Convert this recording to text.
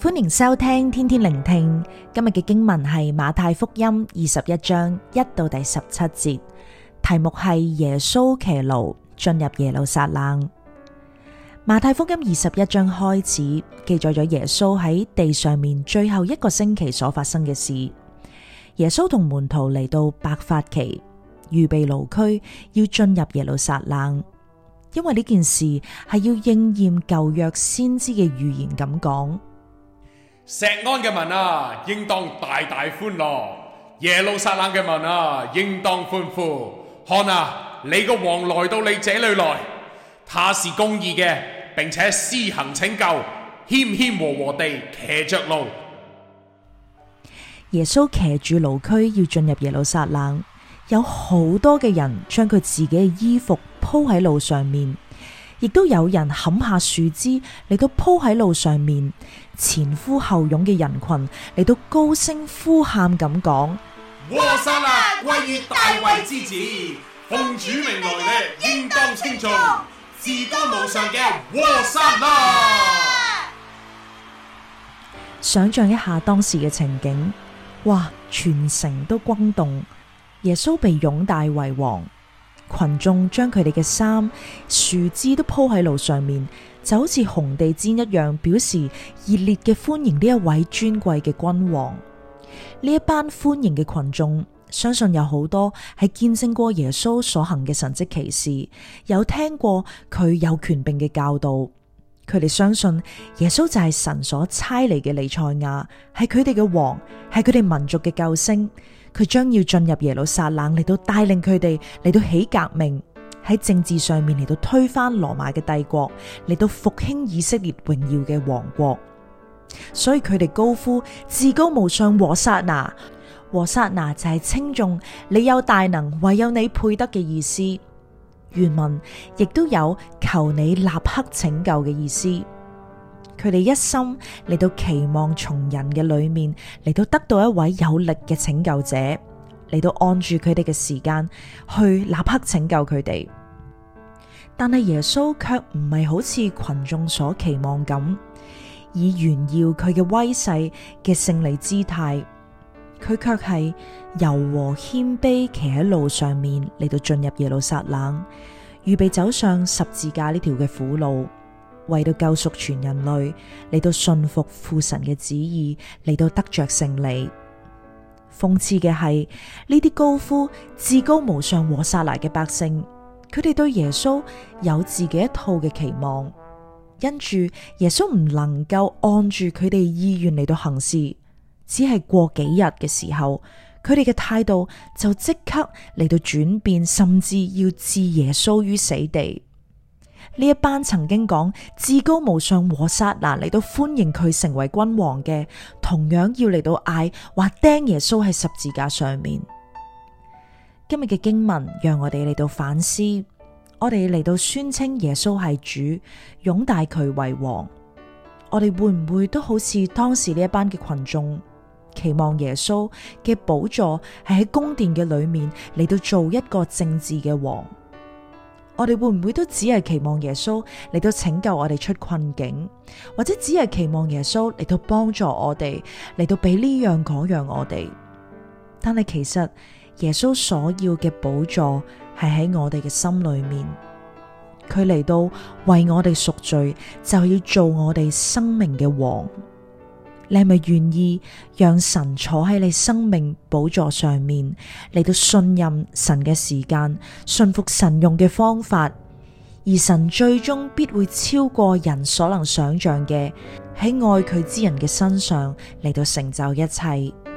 歡迎收聽天天靈聽。今日嘅經文係馬太福音二十一章一到第十七節，題目係耶穌騎驢進入耶路撒冷。馬太福音二十一章開始記載咗耶穌喺地上面最後一個星期所發生嘅事。耶穌同門徒嚟到伯法其預備驢駒，要進入耶路撒冷，因為呢件事係要應驗舊約先知嘅預言咁講。錫安嘅民啊，應當大大歡樂；耶路撒冷嘅民啊，應當歡呼。看啊，你個王來到你這裏來，他是公義嘅，並且施行拯救，謙謙和和地騎着驢。耶穌騎住驢駒要進入耶路撒冷，有好多嘅人將佢自己嘅衣服鋪喺路上面。亦都有人砍下樹枝嚟到鋪喺路上面，前呼後擁嘅人群嚟到高聲呼喊咁講：「和散那，歸於大衛之子，奉主名嚟嘅，應當稱頌至高無上嘅和散那！」想象一下當時嘅情景，哇！全城都轟動，耶穌被擁戴為王。群眾將佢哋嘅衫、樹枝都鋪喺路上面，就好似紅地毯一樣，表示熱烈嘅歡迎呢一位尊貴嘅君王。呢一班歡迎嘅群眾，相信有好多係見證過耶穌所行嘅神蹟奇事，有聽過佢有權柄嘅教導。佢哋相信耶穌就係神所差嚟嘅彌賽亞，係佢哋嘅王，係佢哋民族嘅救星。佢將要進入耶路撒冷嚟到帶領佢哋嚟到起革命，喺政治上面嚟到推翻羅馬嘅帝國嚟到復興以色列榮耀嘅王國，所以佢哋高呼至高無上和散那，和散那就係稱頌「你有大能，唯有你配得」嘅意思。原文亦都有求你立刻拯救嘅意思。佢哋一心嚟到期望從人嘅裏面嚟到得到一位有力嘅拯救者嚟到按住佢哋嘅時間去立刻拯救佢哋，但係耶穌卻唔係好似群眾所期望咁以炫耀佢嘅威勢嘅勝利姿態，佢卻係柔和謙卑騎喺驢上面嚟到進入耶路撒冷，預備走上十字架呢條嘅苦路。為到救贖全人類，嚟到順服父神嘅旨意，嚟到得着勝利。諷刺嘅係呢啲高呼至高無上和散那嘅百姓，佢哋對耶穌有自己一套嘅期望，因住耶穌唔能夠按住佢哋意願嚟到行事，只係過幾日嘅時候，佢哋嘅態度就即刻嚟到轉變，甚至要置耶穌於死地。呢一班曾經講至高無上和散那嚟到歡迎佢成為君王嘅，同樣要嚟到嗌話釘耶穌喺十字架上面。今日嘅經文讓我哋嚟到反思，我哋嚟到宣稱耶穌係主，擁戴佢為王，我哋會唔會都好似當時呢一班嘅群眾，期望耶穌嘅寶座係喺宮殿嘅裏面嚟到做一個政治嘅王？我哋會唔會都只係期望耶穌嚟到拯救我哋出困境，或者只係期望耶穌嚟到幫助我哋嚟到俾呢樣嗰樣我哋？但係其實耶穌所要嘅寶座係喺我哋嘅心裏面，佢嚟到為我哋贖罪，就要做我哋生命嘅王。你係咪願意讓神坐喺你生命寶座上面，嚟到信任神嘅時間，信服神用嘅方法，而神最終必會超過人所能想象嘅，喺愛佢之人嘅身上嚟到成就一切。